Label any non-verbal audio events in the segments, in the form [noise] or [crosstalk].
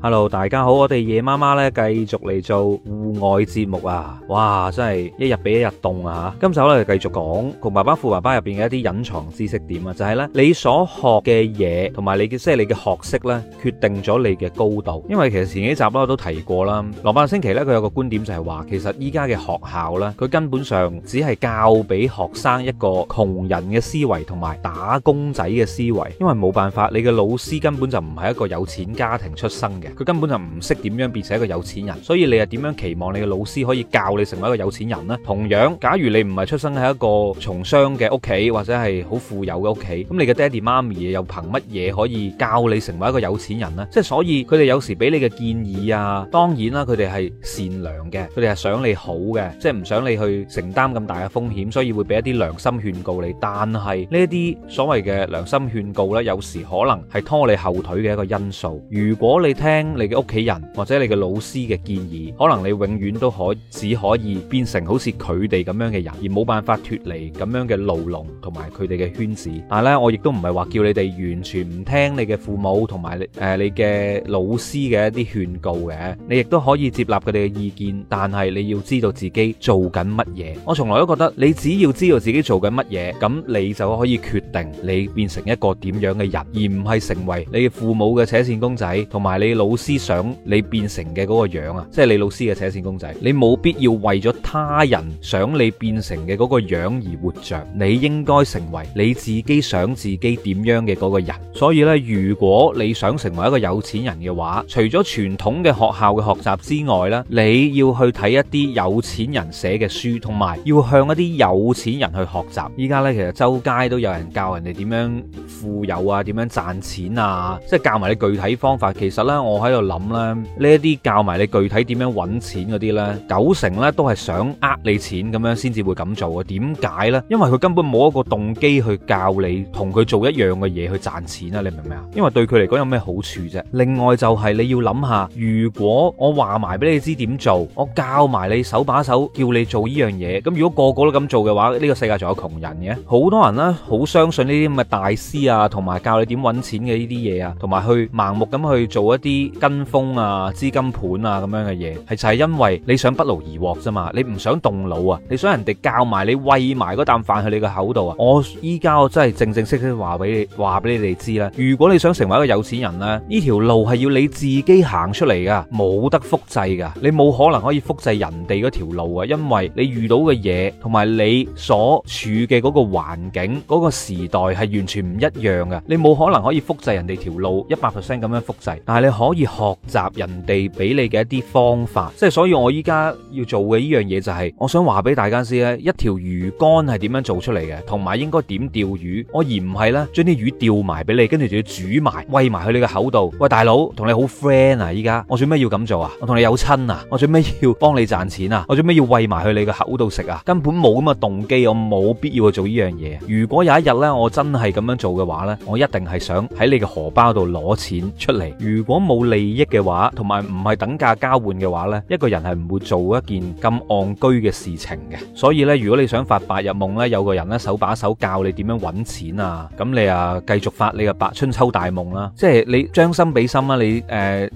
hello，大家好，我哋夜媽媽咧繼續嚟做戶外節目啊！哇，真係一日比一日凍啊吓！今集我哋繼續講《窮爸爸富爸爸》入邊嘅一啲隱藏知識點啊，就係咧你所學嘅嘢同埋你嘅即係你嘅學識咧，決定咗你嘅高度。因為其實前幾集咧我都提過啦，羅伯特·清崎咧佢有個觀點就係話，其實依家嘅學校咧，佢根本上只係教俾學生一個窮人嘅思維同埋打工仔嘅思維，因為冇辦法，你嘅老師根本就唔係一個有錢家庭出生嘅。佢根本就唔識點樣變成一個有錢人，所以你又點樣期望你嘅老師可以教你成為一個有錢人咧？同樣，假如你唔係出生喺一個從商嘅屋企，或者係好富有嘅屋企，咁你嘅爹哋媽咪又憑乜嘢可以教你成為一個有錢人咧？即係所以，佢哋有時俾你嘅建議啊，當然啦，佢哋係善良嘅，佢哋係想你好嘅，即係唔想你去承擔咁大嘅風險，所以會俾一啲良心勸告你。但係呢啲所謂嘅良心勸告咧，有時可能係拖你後腿嘅一個因素。如果你聽，聽你嘅屋企人或者你嘅老師嘅建議，可能你永遠都可只可以變成好似佢哋咁樣嘅人，而冇辦法脱離咁樣嘅牢籠同埋佢哋嘅圈子。但係咧，我亦都唔係話叫你哋完全唔聽你嘅父母同埋你、誒、你嘅老師嘅一啲勸告嘅，你亦都可以接納佢哋嘅意見。但係你要知道自己做緊乜嘢。我從來都覺得你只要知道自己做緊乜嘢，咁你就可以決定你變成一個點樣嘅人，而唔係成為你父母嘅扯線公仔同埋你老。老師想你變成嘅嗰個樣啊，即係你老師嘅扯線公仔，你冇必要為咗他人想你變成嘅嗰個樣而活着。你應該成為你自己想自己點樣嘅嗰個人。所以呢，如果你想成為一個有錢人嘅話，除咗傳統嘅學校嘅學習之外呢，你要去睇一啲有錢人寫嘅書，同埋要向一啲有錢人去學習。依家呢，其實周街都有人教人哋點樣富有啊，點樣賺錢啊，即係教埋你具體方法。其實呢，我。我喺度諗咧，呢一啲教埋你具體點樣搵錢嗰啲咧，九成咧都係想呃你錢咁樣先至會咁做啊。點解咧？因為佢根本冇一個動機去教你同佢做一樣嘅嘢去賺錢啊！你明唔明啊？因為對佢嚟講有咩好處啫？另外就係你要諗下，如果我話埋俾你知點做，我教埋你手把手叫你做呢樣嘢，咁如果個個都咁做嘅話，呢個世界仲有窮人嘅？好多人咧，好相信呢啲咁嘅大師啊，同埋教你點搵錢嘅呢啲嘢啊，同埋去盲目咁去做一啲。跟風啊、資金盤啊咁樣嘅嘢，係就係因為你想不勞而獲啫嘛。你唔想動腦啊，你想人哋教埋你餵埋嗰啖飯去你個口度啊。我依家我真係正正式式話俾你話俾你哋知啦。如果你想成為一個有錢人咧，呢條路係要你自己行出嚟噶，冇得複製噶。你冇可能可以複製人哋嗰條路啊，因為你遇到嘅嘢同埋你所處嘅嗰個環境、嗰個時代係完全唔一樣嘅。你冇可能可以複製人哋條路一百 percent 咁樣複製，但係你可以以學習人哋俾你嘅一啲方法，即係所以我依家要做嘅呢樣嘢就係，我想話俾大家知咧，一條魚竿係點樣做出嚟嘅，同埋應該點釣魚，我而唔係咧將啲魚釣埋俾你，跟住仲要煮埋、餵埋去你個口度。喂，大佬，同你好 friend 啊！依家我做咩要咁做啊？我同你有親啊！我做咩要幫你賺錢啊？我做咩要餵埋去你個口度食啊？根本冇咁嘅動機，我冇必要去做呢樣嘢。如果有一日咧，我真係咁樣做嘅話咧，我一定係想喺你嘅荷包度攞錢出嚟。如果冇，利益嘅話，同埋唔係等價交換嘅話呢，一個人係唔會做一件咁戇居嘅事情嘅。所以呢，如果你想發白日夢呢，有個人呢手把手教你點樣揾錢啊，咁你啊繼續發你個白春秋大夢啦。即係你將心比心啦，你誒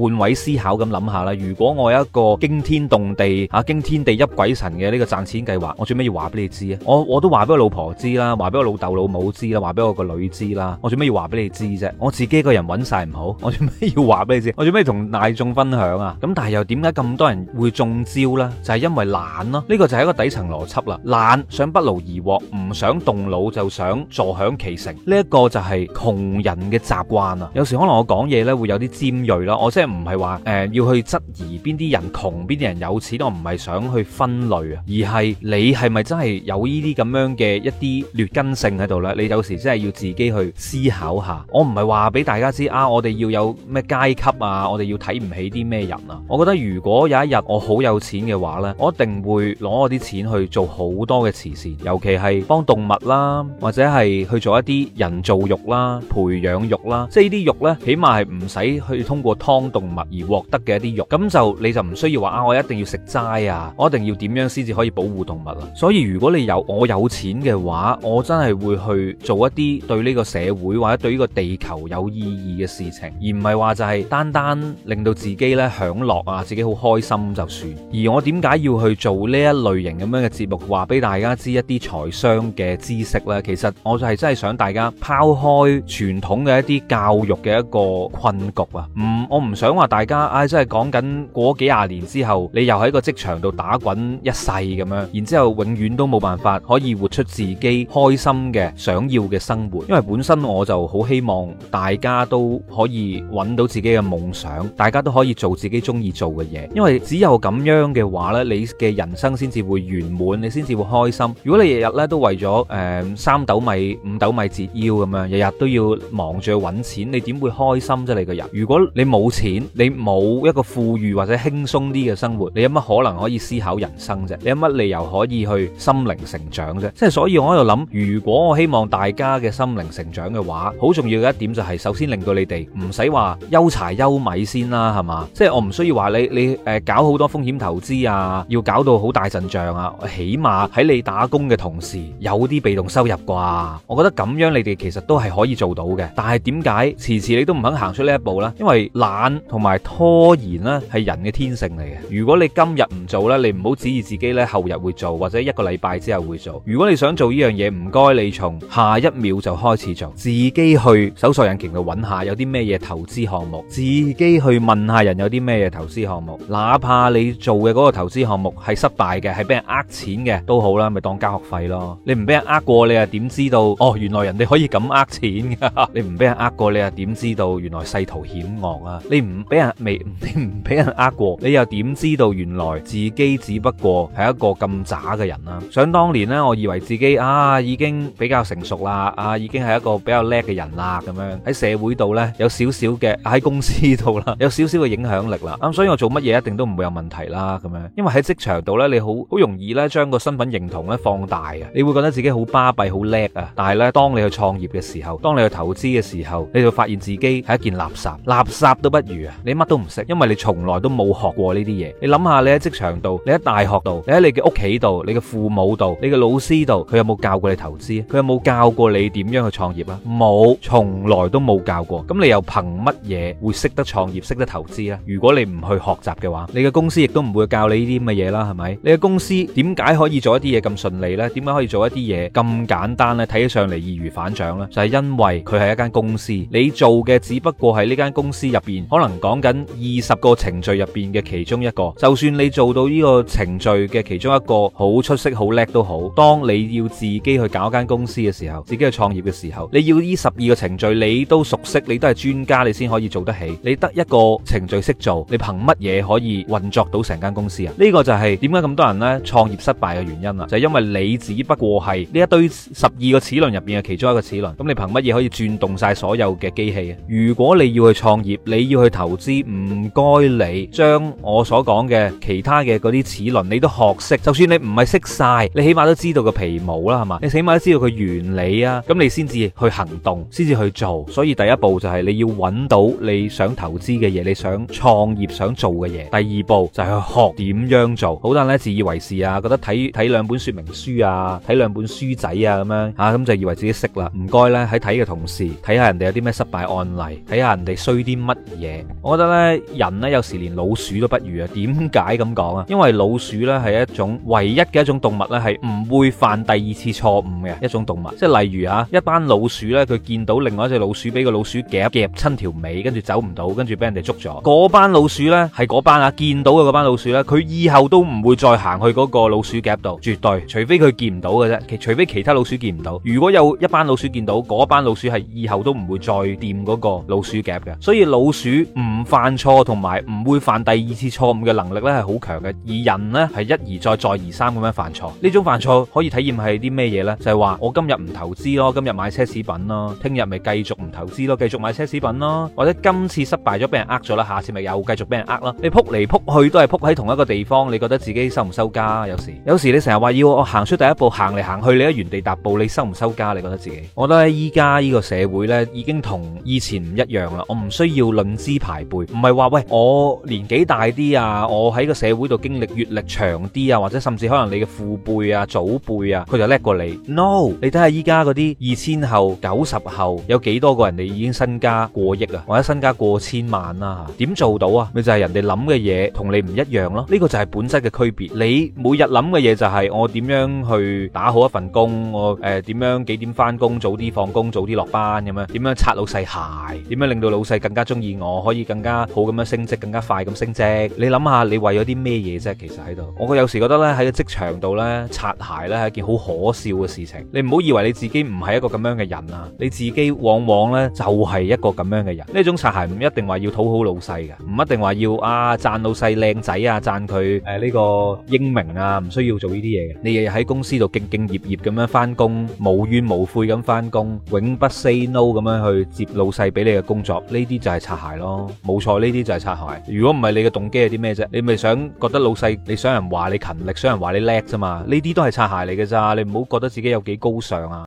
換位思考咁諗下啦。如果我有一個驚天動地啊、驚天地泣鬼神嘅呢個賺錢計劃，我做咩要話俾你知啊？我我都話俾我老婆知啦，話俾我老豆老母知啦，話俾我個女知啦。我做咩要話俾你知啫？我自己個人揾晒唔好，我做咩要話俾你知？我做咩同大眾分享啊？咁但係又點解咁多人會中招呢？就係因為懶咯。呢個就係一個底層邏輯啦。懶想不勞而獲，唔想動腦，就想坐享其成。呢一個就係窮人嘅習慣啊。有時可能我講嘢咧會有啲尖鋭咯。我即係唔係話誒要去質疑邊啲人窮，邊啲人有錢。我唔係想去分類啊，而係你係咪真係有呢啲咁樣嘅一啲劣根性喺度呢？你有時真係要自己去思考下。我唔係話俾大家知啊，我哋要有咩階級。嘛，我哋要睇唔起啲咩人啊？我覺得如果有一日我好有錢嘅話咧，我一定會攞我啲錢去做好多嘅慈善，尤其係幫動物啦，或者係去做一啲人造肉啦、培養肉啦，即係呢啲肉咧，起碼係唔使去通過劏動物而獲得嘅一啲肉，咁就你就唔需要話啊，我一定要食齋啊，我一定要點樣先至可以保護動物啊。所以如果你有我有錢嘅話，我真係會去做一啲對呢個社會或者對呢個地球有意義嘅事情，而唔係話就係單單令到自己咧享樂啊，自己好開心就算。而我點解要去做呢一類型咁樣嘅節目，話俾大家知一啲財商嘅知識呢？其實我就係真係想大家拋開傳統嘅一啲教育嘅一個困局啊。唔、嗯，我唔想話大家，唉，真係講緊過幾廿年之後，你又喺個職場度打滾一世咁樣，然之後永遠都冇辦法可以活出自己開心嘅想要嘅生活。因為本身我就好希望大家都可以揾到自己嘅夢。夢想，大家都可以做自己中意做嘅嘢，因為只有咁樣嘅話咧，你嘅人生先至會圓滿，你先至會開心。如果你日日咧都為咗誒三斗米五斗米折腰咁樣，日日都要忙住去搵錢，你點會開心啫？你個人，如果你冇錢，你冇一個富裕或者輕鬆啲嘅生活，你有乜可能可以思考人生啫？你有乜理由可以去心靈成長啫？即係所以，我喺度諗，如果我希望大家嘅心靈成長嘅話，好重要嘅一點就係，首先令到你哋唔使話憂柴憂。收米先啦，係嘛？即係我唔需要話你，你誒、呃、搞好多風險投資啊，要搞到好大陣仗啊。起碼喺你打工嘅同時，有啲被動收入啩。我覺得咁樣你哋其實都係可以做到嘅。但係點解遲遲你都唔肯行出呢一步呢？因為懶同埋拖延呢係人嘅天性嚟嘅。如果你今日唔做呢，你唔好指意自己呢後日會做，或者一個禮拜之後會做。如果你想做呢樣嘢，唔該你從下一秒就開始做，自己去搜索引擎度揾下有啲咩嘢投資項目自己去問下人有啲咩嘢投資項目，哪怕你做嘅嗰個投資項目係失敗嘅，係俾人呃錢嘅都好啦，咪當交學費咯。你唔俾人呃過，你又點知道？哦，原來人哋可以咁呃錢㗎。你唔俾人呃過，你又點知道原來世途險惡啊？你唔俾人未，你唔俾人呃過，你又點知道原來自己只不過係一個咁渣嘅人啊？想當年呢，我以為自己啊已經比較成熟啦，啊已經係一個比較叻嘅人啦，咁樣喺社會度呢有少少嘅喺公司。知道啦， [laughs] 有少少嘅影響力啦，咁所以我做乜嘢一定都唔會有問題啦，咁樣，因為喺職場度呢，你好好容易呢將個身份認同呢放大啊，你會覺得自己好巴閉、好叻啊！但係呢，當你去創業嘅時候，當你去投資嘅時候，你就發現自己係一件垃圾，垃圾都不如啊！你乜都唔識，因為你從來都冇學過呢啲嘢。你諗下，你喺職場度，你喺大學度，你喺你嘅屋企度，你嘅父母度，你嘅老師度，佢有冇教過你投資啊？佢有冇教過你點樣去創業啊？冇，從來都冇教過。咁你又憑乜嘢會識？得創業識得投資啦！如果你唔去學習嘅話，你嘅公司亦都唔會教你呢啲咁嘅嘢啦，係咪？你嘅公司點解可以做一啲嘢咁順利呢？點解可以做一啲嘢咁簡單呢？睇起上嚟易如反掌咧，就係因為佢係一間公司，你做嘅只不過係呢間公司入邊可能講緊二十個程序入邊嘅其中一個。就算你做到呢個程序嘅其中一個好出色、好叻都好。當你要自己去搞間公司嘅時候，自己去創業嘅時候，你要呢十二個程序你都熟悉，你都係專家，你先可以做得起。你得一個程序識做，你憑乜嘢可以運作到成間公司啊？呢個就係點解咁多人呢創業失敗嘅原因啦，就係因為你只不過係呢一堆十二個齒輪入邊嘅其中一個齒輪，咁你憑乜嘢可以轉動晒所有嘅機器啊？如果你要去創業，你要去投資，唔該你將我所講嘅其他嘅嗰啲齒輪，你都學識，就算你唔係識晒，你起碼都知道個皮毛啦，係嘛？你起碼都知道佢原理啊，咁你先至去行動，先至去做。所以第一步就係你要搵到你想想投資嘅嘢，你想創業想做嘅嘢，第二步就係去學點樣做，好多人咧自以為是啊，覺得睇睇兩本說明書啊，睇兩本書仔啊咁樣吓，咁就以為自己識啦。唔該咧，喺睇嘅同時，睇下人哋有啲咩失敗案例，睇下人哋衰啲乜嘢。我覺得咧，人咧有時連老鼠都不如啊。點解咁講啊？因為老鼠咧係一種唯一嘅一種動物咧，係唔會犯第二次錯誤嘅一種動物。即係例如啊，一班老鼠咧，佢見到另外一隻老鼠俾個老鼠夾夾親條尾，跟住走唔。到跟住俾人哋捉咗，嗰班老鼠呢，係嗰班啊，見到嘅嗰班老鼠呢，佢以後都唔會再行去嗰個老鼠夾度，絕對，除非佢見唔到嘅啫，其除非其他老鼠見唔到。如果有一班老鼠見到，嗰班老鼠係以後都唔會再掂嗰個老鼠夾嘅。所以老鼠唔犯錯同埋唔會犯第二次錯誤嘅能力呢，係好強嘅，而人呢，係一而再再而三咁樣犯錯。呢種犯錯可以體驗係啲咩嘢呢？就係話我今日唔投資咯，今日買奢侈品咯，聽日咪繼續唔投資咯，繼續買奢侈品咯，或者今次。失敗咗，俾人呃咗啦，下次咪又繼續俾人呃咯。你撲嚟撲去都係撲喺同一個地方，你覺得自己收唔收家？有時，有時你成日話要我行出第一步，行嚟行去你都原地踏步，你收唔收家？你覺得自己？我覺得依家呢個社會呢，已經同以前唔一樣啦。我唔需要論資排輩，唔係話喂，我年紀大啲啊，我喺個社會度經歷閱歷長啲啊，或者甚至可能你嘅父輩啊、祖輩啊，佢就叻過你。No，你睇下依家嗰啲二千後、九十後，有幾多個人你已經身家過億啊，或者身家過？千萬啦、啊，點做到啊？咪就係、是、人哋諗嘅嘢同你唔一樣咯。呢、這個就係本質嘅區別。你每日諗嘅嘢就係我點樣去打好一份工，我誒、呃、點樣幾點翻工，早啲放工，早啲落班咁樣，點樣擦老細鞋，點樣令到老細更加中意我，可以更加好咁樣升職，更加快咁升職。你諗下，你為咗啲咩嘢啫？其實喺度，我有時覺得咧喺個職場度咧擦鞋咧係件好可笑嘅事情。你唔好以為你自己唔係一個咁樣嘅人啊，你自己往往咧就係、是、一個咁樣嘅人。呢種擦鞋唔一。一定話要討好老細嘅，唔一定話要啊讚老細靚仔啊，讚佢誒呢個英明啊，唔需要做呢啲嘢嘅。你日日喺公司度兢兢業業咁樣翻工，無怨無悔咁翻工，永不 say no 咁樣去接老細俾你嘅工作，呢啲就係擦鞋咯，冇錯，呢啲就係擦鞋、鞋。如果唔係你嘅動機係啲咩啫？你咪想覺得老細，你想人話你勤力，想人話你叻啫嘛？呢啲都係擦鞋嚟嘅咋，你唔好覺得自己有幾高尚啊！